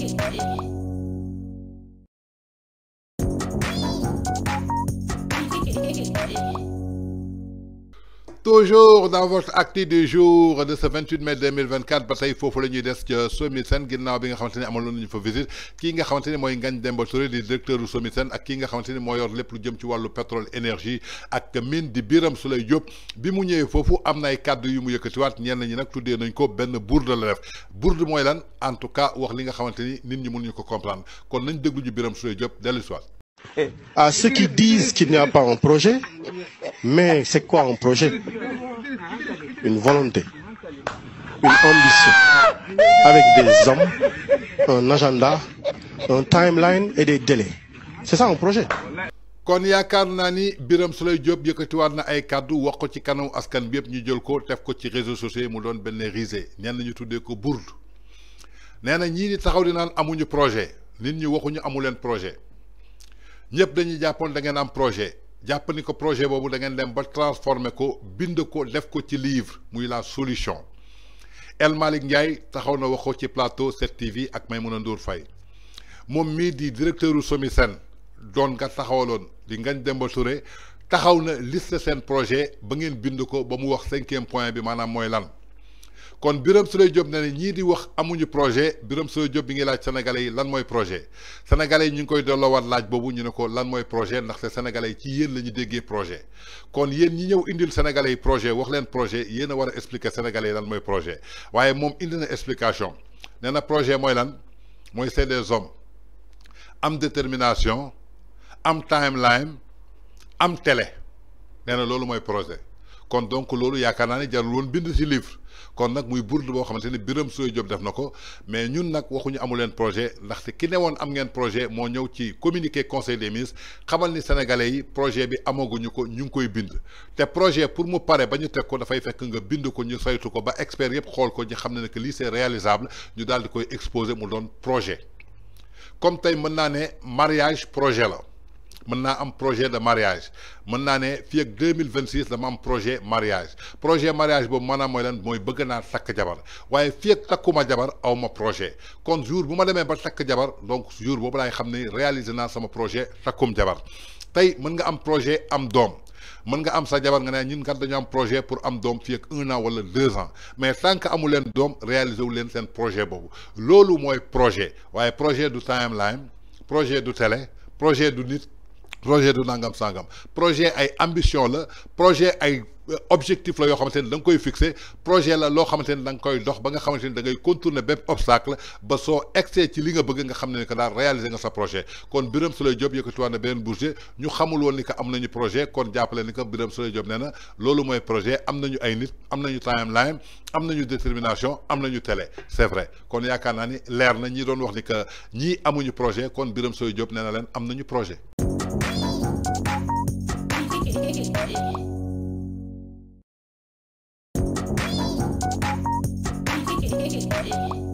Thank you. toujours dans votre acte du jour de ce 28 mai 2024 parce tey faut la ñuy des ca qui ginnaaw bi nga xamante ne amaloon nañu fa visite qui nga pas ne mooy Ngagne Demba Touré du directeur du SOMISEN ak n'a nga xamante ne moo yor lépp lu jëm ci wàllu pétrole énergie ak mine di Biram Souleye Diop bi mu ñëwee foofu am na ay kàddu yu mu yëkkatiwaat ñenn ñi nag tuddee nañ ko ben bourde la def bourde mooy lan en tout cas wax li nga xamante ni nit ñi mënuñu ko comprendre kon nañ déglu ñu Birame Souleye Diop job, si à ceux qui disent qu'il n'y a pas un projet. Mais c'est quoi un projet Une volonté, une ambition, avec des hommes, un agenda, un timeline et des délais. C'est ça un projet. kon yaakaar naa ni Biram Diop yëkkatiwaat na ay kàddu wax ko ci kanamu askan bi yëpp ñu jël ko def ko ci réseaux sociaux yi mu doon benn risée ñenn ñu tuddee ko bourde taxaw amuñu projet nit ñi waxuñu amu projet ñëpp dañuy jappone da ngeen am projet jàpp ni ko projet bobu da ngeen dem ba transformer ko bind ko def ko ci livre muy la solution El malik Ndiaye taxaw na waxo ci plateau 7TV ak Maimouna Ndour fay mom mi di directeur u SOMISEN doon nga taxawaloon di Ngagne Demba Touré taxaw na liste sen projet ba ngeen bind ko ba mu wax 5e point bi manam moy lan kon Birame Souleye job ne ne di wax amuñu projet Birame Souleye job bi ngi laaj sénégalais yi lan mooy projet sénégalais yi ñu ngi koy delloowaat laaj boobu ñu ne ko lan mooy projet ndaxte sénégalais ci yéen la ñu déggee projet kon yéen ñi ñëw indil sénégalais yi projet wax leen projet yéen a war a expliquer sénégalais yi lan mooy projet waaye moom indi na explication nee na projet mooy lan mooy c'est des hommes am détermination am timeline am télé nee na loolu mooy projet kon donc loolu yaakaar naa ne jarul woon bind ci livre kon nag muy burdu boo xamante ni Birame Souleye job def na ko mais ñun nag waxuñu amu leen projet ndaxte ki ne woon am ngeen projet moo ñëw ci communiqué conseil des ministres xamal ni sénégalais yi projet bi amaguñu ko ñu ngi koy bind te projet pour mu pare ba ñu teg ko dafay fekk nga bind ko ñu saytu ko ba expert yëpp xool ko ñu xam ne ne lii see réalisable ñu daal di koy exposer mu doon projet comme tey mën naa ne mariage projet la maintenant un projet de mariage maintenant naa ne le ak deux projet mariage projet mariage boobu maanaam moi lan mooy bëgg naa takk jabar waaye ouais ak takkuma jabar aw ma projet kon jour vous même demee ba jour jabar donc jour vous laay xam réaliser dans sama projet chaque jabar tey mën nga am projet am dom mën nga am sa jabar nga ne ñun kat dañu am projet pour am dom fi ak un an wala deux ans mais sank que amu dom doom réaliser wu len sen projet bobu lolu moy projet waye projet du timeline projet du télé projet du nit projet du nangam sangam projet ay ambition la projet ay euh, objectif la yo xamante dang koy fixer projet la lo xamante dang koy dox ba nga xamante ni da ngay contourner bépp obstacle ba so excès ci li nga bëgg nga xam ne da réaliser nga sa projet kon Birame Souleye Diop yëkkatiwaat tuwana benen budget ñu xamul won ni que am nañu projet kon jappalé ni que Birame Souleye Diop nee na loolu mooy projet am nañu ay nit am nañu timeline am nañu détermination am nañu télé c'est vrai kon yaakaar naa ni leer na ñi doon wax ni que ñi amuñu projet kon Birame Souleye Diop nee na leen am nañu projet Thank you.